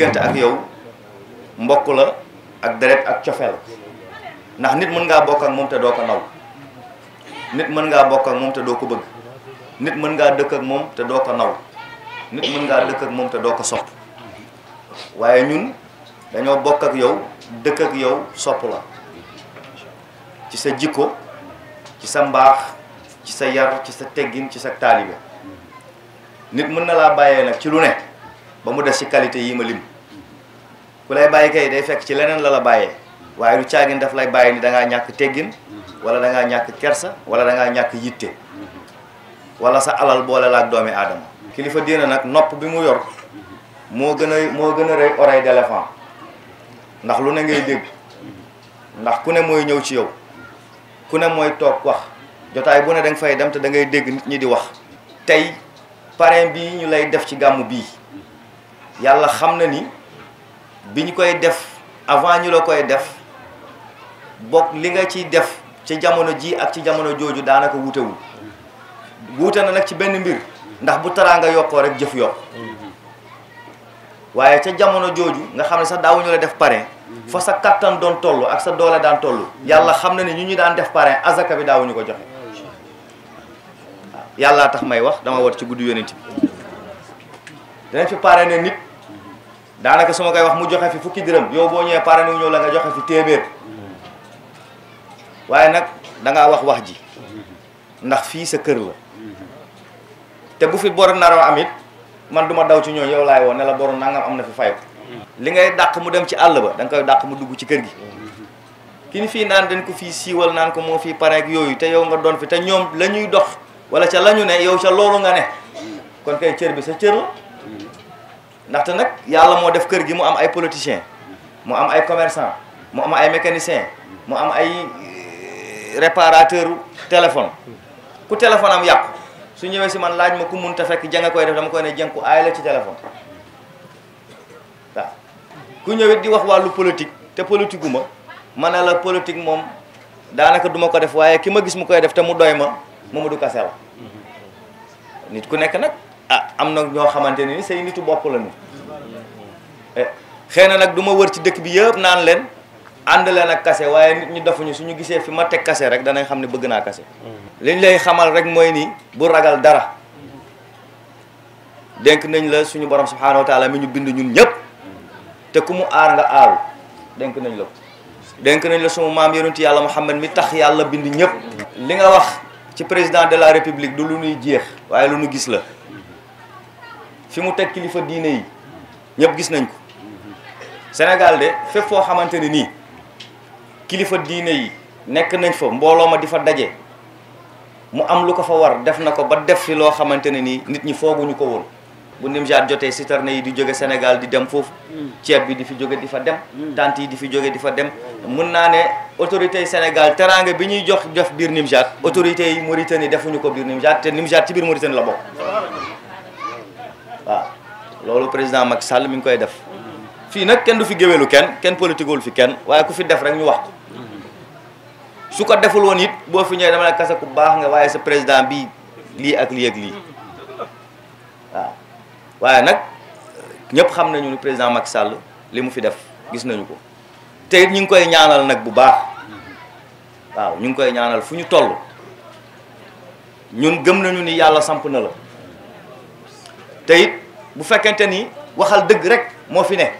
diggante ak yow mbokk la ak deret ak cofeel ndax nit mën ngaa bokk ak moom te doo ko naw nit mën ngaa bokk ak moom te doo ko bëgg nit mën ngaa dëkk ak moom te doo naw nit mën ngaa dëkk ak moom te doo sopp waaye ñun dañoo bokk ak yow dëkk ak yow sopp la ci sa jikko ci sa ci sa yar ci sa teggin ci sa taalibe nit mën na laa bàyyee nag ci lu ne ba mu ci qualité yi ma lim ku lay bàyyi kay day fekk ci leneen la la bàyyee waaye du caagin daf lay bàyyi ni da ngaa ñàkk teggin wala da ngaa ñàkk kersa wala da ngaa ñàkk yitte wala sa alal boole la doomi aadama kilifa diina nag nopp bi mu yor moo gën a moo gën oreille d'éléphant ndax lu ne ngay dégg ndax ku ne mooy ñëw ci yow ku ne mooy toog wax jotaay bu ne da nga fay dem te da ngay dégg nit ñi di wax tey parrain bii ñu lay def ci gàmmu bii yàlla xam ni bi ñu koy def avant ñu la koy def bokk li nga ciy def ci jamono ji ak ci jamono jooju daanaka wutewul wuute na nag ci benn mbir ndax bu nga yokkoo rek jëf yokk waaye ca jamono jooju nga xam ne sax daawuñu la def parrain fa sa kattan doon toll ak sa doole daan toll yàlla xam na ne ñu ñu daan def parrain azaka bi daawuñu ko joxe yàllaa tax may wax dama wat ci guddi yonent bi danañ fi parrain ne nit daanaka su ma koy wax mu joxe fi fukki dërëm yow boo ñëwee pare ñëw la nga joxe fi téeméer waaye nag da ngaa wax wax ji ndax fii sa kër la te bu fi man daw ci yow la nangam am na fi fay ko li ngay dàq mu dem ci àll ba da nga koy dàq mu dugg ci kër gi ki ni fii naan ko fii siiwal naan ko moo fii pareeg yooyu te yow nga fi dox wala ca la ñu ne yow ca loolu nga ne kon kay cër bi sa cër la ndaxte nag yàlla moo def kër gi mu am ay politiciens mu am ay commerçants mu am ay mécaniciens mu am ay euh, réparateur téléphone ku téléphone am yàqu su ñëwee si man laaj ma ku munta fekk janga koy def dama koy ne jàng ku aay la ci téléphone waaw ku ñëwit di wax wàllu politique te politique gu ma ma ne la politique moom daanaka duma ko def waaye ki ma gis mu koy def te mu doy ma Mamadou Kassé la nit ku nekk nag ah am na ñoo xamante ni say nitu bopp lañu eh, xëy na nag du wër ci dëkk bi yëpp naan leen ànd leen ak kase waaye nit ñi defuñu suñu gisee fi ma teg kase rek danañ xam ne bëgg naa kase liñ lay xamal rek mooy ni bu ragal dara dénk nañ la suñu borom subhanahu wa taala mi ñu bind ñun ñëpp te ku mu aar nga aaru dénk nañ la dénk nañ la maam Muhammad mi tax yàlla bind ñëpp li nga wax ci président de la république du lu jeex lu gis la fi mu teg kilifa diine yi ñëpp gis nañ ko Sénégal de fépp foo xamante ne nii kilifa diine yi nekk nañ fa mbooloo ma di fa daje mu am lu ko fa war def na ko ba def fi loo xamante ne nii nit ñi fooguñu ko woon. bu Nimjaat jotee citerne yi di jóge Sénégal di dem foofu ceeb bi di fi jóge di fa dem tant yi di fi jóge di fa dem mun naa ne autorités yi Sénégal teraanga bi ñuy jox jox biir Nimjaat autorités yi Mauritanie defuñu ko biir Nimjaat te Nimjaat ci biir Mauritanie la bokk loolu président Macky sàll mi ngi koy def fii nag kenn du fi géwélu kenn kenn politiquewul fi kenn waaye ku fi def rek ñu wax ko su ko deful woon it boo fi ñëwee dama ne kase ku baax nga waaye sa président bi lii ak lii ak lii waaw waaye nag ñëpp xam nañu ni président Macky sàll li mu fi def gis nañu ko te ñu ngi koy ñaanal nag bu baax waaw ñu ngi koy ñaanal fu ñu toll ñun gëm nañu ni yàlla samp na la te bu fekkente ni waxal dëgg rek moo fi ne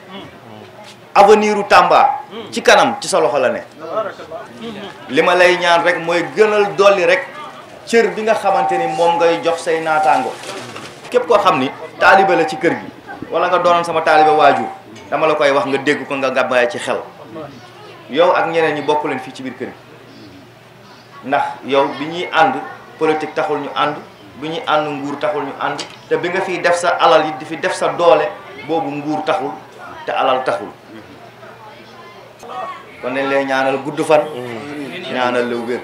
avenir u ci kanam ci sa loxo la ne li ma lay ñaan rek mooy gënal dolli rek cër bi nga xamante ni moom ngay jox say naataango képp koo xam ni taalibe la ci kër gi wala nga doonoon sama taalibe waajur dama la koy wax nga dégg ko nga gàbbaay ci xel yow ak ñeneen ñi bokk leen fii ci biir kër gi ndax yow bi ñuy ànd politique taxul ñu ànd bu ñuy ànd nguur taxul ñu ànd te bi nga fiy def sa alal yi di fi def sa doole boobu nguur taxul te alal taxul kon nañ lay ñaanal gudd fan ñaanal la wér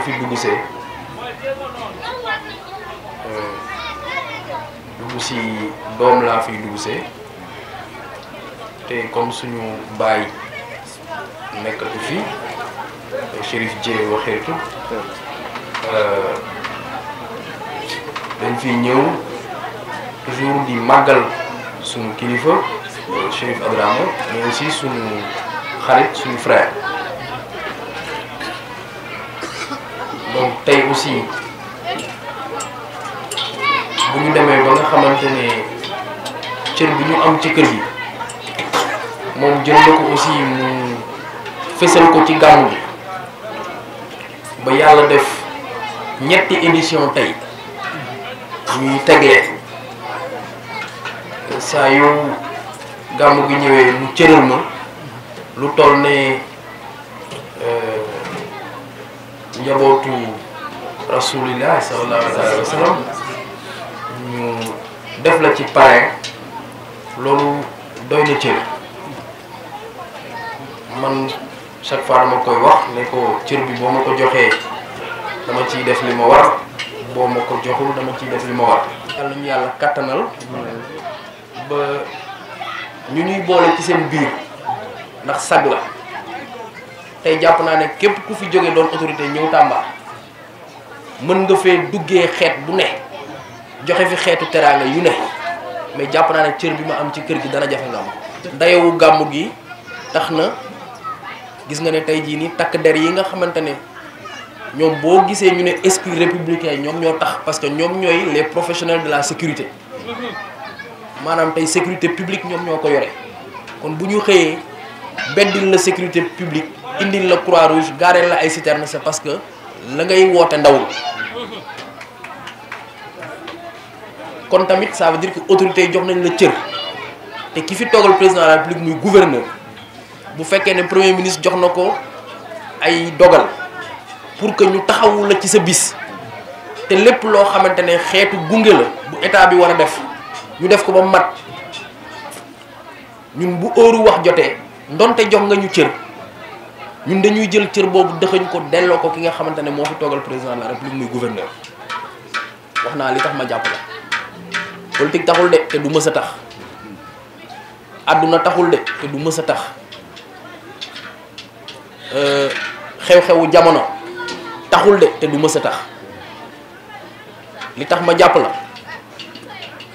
ñu fi dugg see euh, si doom laa fiy dugg see te comme suñu baay nekkatu fi Chérif Dieng waxeetu euh, dañ fi ñëw toujours di màggal suñu kilifa euh, Chérif Abrahama mais aussi suñu xarit suñu frère. donc tey aussi bu ñu demee ba nga xamante ne cër bi ñu am ci kër yi moom jël na ko aussi mu fësal ko ci gàmmu bi ba yàlla def ñetti édition tey ñuy tegee saa yu gàmmu gi ñëwee mu cëral ma lu toll ne. njabootu iya, rasulillah sallallahu alayhi wa sallam ñu def la ci parrain loolu doy na man chaque fois dama koy wax ne ko cër bi boo ma ko joxee dama ciy def li ma war boo ma ko joxul dama ciy def li ma war yàlla ñu yàlla kattanal ba ñu ñuy boole ci seen biir ndax sag la tey jàpp naa ne képp ku fi jógee doon autorité ñëw Tamba mën nga fee duggee xeet bu ne joxe fi xeetu teraanga yu ne mais jàpp naa ne cër bi ma am ci kër gi dana jafe nga am. gàmmu gi tax na gis nga ne tey jii nii takk der yi nga xamante ne ñoom boo gisee ñu ne esprit républicain ñoom ñoo tax parce que ñoom ñooy les professionnels de la sécurité maanaam tey sécurité publique ñoom ñoo ko yore kon bu ñu xëyee beddil la sécurité publique. indil la croix rouge gaareel la ay citerne c'est parce que la ngay woote ndawul kon tamit ça veut dire que autorité jox nañ la cër te ki fi toogal président de la république muy gouverneur bu fekkee ne premier ministre jox na ay dogal pour que ñu taxawu la ci sa bis te lépp loo xamante ne xeetu gunge la bu état bi wara def ñu def ko ba mat ñun bu heure wax jotee ndonte jox nga ñu cër ñun dañuy jël cër boobu dëxëñ ko delloo ko ki nga xamante ne moo fi toogal président de la république muy gouverneur wax naa li tax ma jàpp la politique taxul de te du mës a tax àdduna taxul de du mës a tax euh, xew-xewu jamono taxul de te du mës a tax li tax ma jàpp la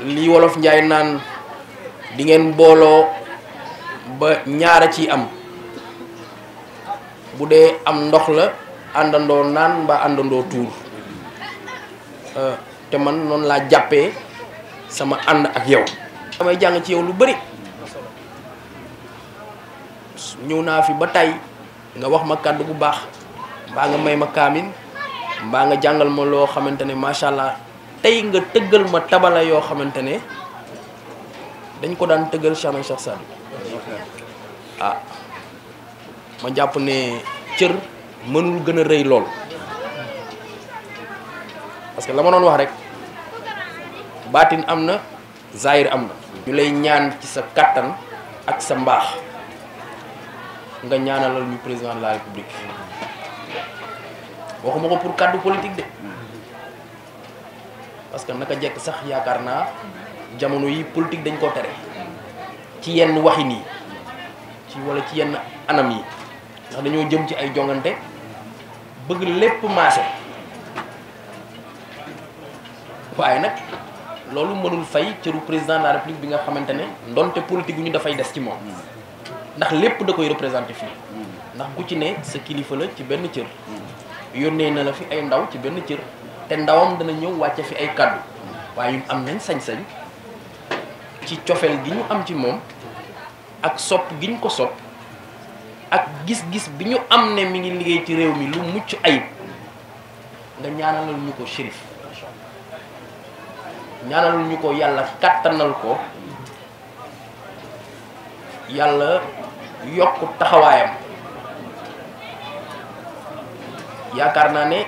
li wolof njaay naan di ngeen booloo ba ñaar a ci am bu dee am ndox la àndandoo naan mbaa àndandoo tuur euh, te man noonu laa jàppee sama and ak yow damay jàng ci yow lu bari ñëw naa fi ba tey nga wax ma kàddu bu baax mbaa nga may ma kaamin mbaa nga jàngal ma loo xamante ne macha nga tëggal ma tabala yoo xamante ne dañ ko daan tëggal Cheikh Sall ah ma jàpp ne cër mënul gën a rëy lool parce que la ma doon wax rek baatin am na zaahir am na ñu lay ñaan ci sa kàttan ak sa mbaax nga ñaanalal ñu président de la république waxuma ko pour kàddu politique de parce que naka jekk sax yaakaar jamono yi politique dañ ko tere ci yenn waxin ci walla ci yenn anam yi ndax dañoo jëm ci ay jongante bëgg lépp maase waaye nag loolu mënul fay cëru président de la république bi nga xamante ne ndonte politique gu ñu dafay des ci moom ndax lépp da koy représenté fii ndax ku ci ne sa kilifa la ci benn cër yónnee na la fi ay ndaw ci benn cër te ndawam dana ñëw wàcce fi ay kàddu waaye ñun am nañ sañ-sañ ci cofeel gi ñu am ci moom ak sopp gi ñu ko sopp ak gis-gis bi ñu am ne mi ngi liggéey ci réew mi lu mucc ayib nga ñaanalal ñu ko shérif ñaanalal ñu ko yàlla kàttanal ko yàlla yokk taxawaayam yaakaar naa ne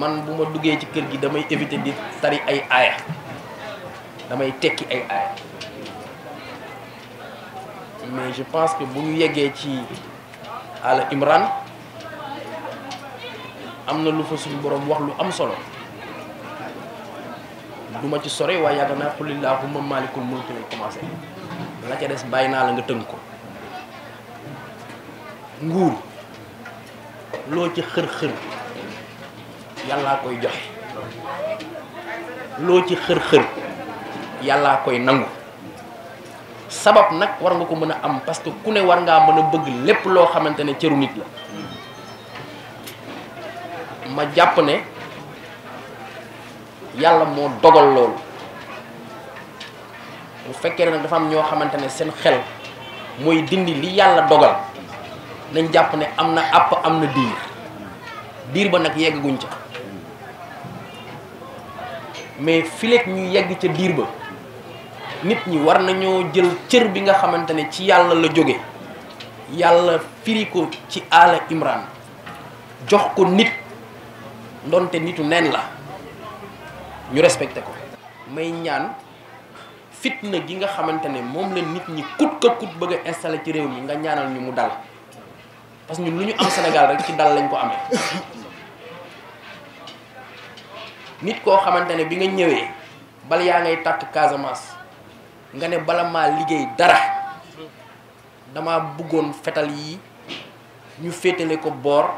man bu ma duggee ci kër gi damay éviter di sari ay aaya damay tekki ay aaya mais je pense que bu ñu yeggee ci Al Imran am na lu fa suñu borom wax lu am solo du ci sore waaye yàgg naa xulillahumma malikul mulki lay commencé la ca des bàyyi naa la nga tënk ko nguur loo ci xër-xër yàllaa koy joxe loo ci xër-xër yàllaa koy nangu sabab nag war nga ko mën a am parce que ku ne war ngaa mën a bëgg lépp loo xamante ne cëru nit la ma jàpp ne yàlla moo dogal loolu bu fekkee nag dafa am ñoo xamante ne seen xel mooy dindi li yàlla dogal nañ jàpp ne am na àpp am na diir diir ba nag yegguñ ca mais fileeg ñu yegg ca diir ba nit ñi war jil jël cër bi nga xamante ne ci yàlla la firi ko ci aala imran jox ko nit ndonte nitu neen la ñu respecté ko may ñaan fitna gi nga xamante ne la nit ñi kut ka kut bëgg a installé ci réew mi nga ñaanal ñu mu dal parce que ñun lu ñu am Sénégal rek ci dal lañ ko amee nit bi nga bal ngay Casamance nga ne bala maa liggéey dara dama bëggoon fetal yi ñu féetale ko boor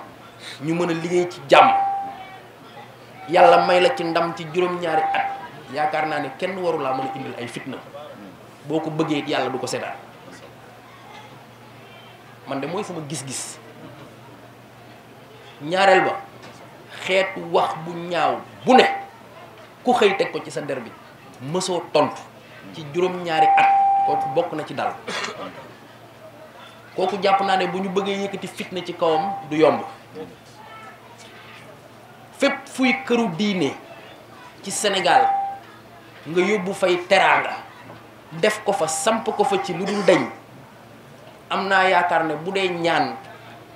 ñu mën a liggéey ci jàmm yàlla may la ci ndam ci juróom-ñaari at yaakaar naa ne kenn waru laa mën a indil ay fitna boo ko bëggee yàlla du ko seetaan man de mooy sama gis-gis ñaareel ba xeetu wax bu ñaaw bu ne ku xëy teg ko ci sa der bi mësoo tontu. ci juróom-ñaari at kooku bokk na ci dal kooku jàpp naa ne bu ñu bëggee yëkkati fitna ci kawam du yomb fépp fuy këru diine ci Sénégal nga yóbbu fay def ko fa samp ko fa ci lu dul dañ am naa yaakaar ne bu dee ñaan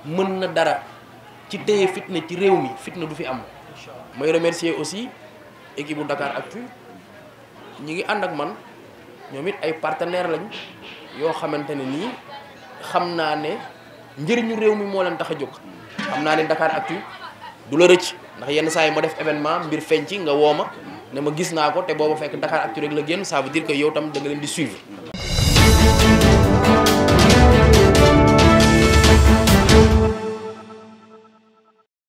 mën na dara ci téye fitna ci réew mi fitna du fi am may remercier aussi équipe bu Dakar Actu ñi ngi ànd ak man ñoom it ay partenaires lañu yoo xamante ne nii xam naa ne njëriñu réew mi moo leen tax a jóg. xam naa ne Dakaractu du la rëcc ndax yenn saa yi ma def événement mbir feeñ ci nga woo ma ne ma gis naa ko te booba fekk Dakaractu rek la génn ça veut dire que yow tam da leen di suivre.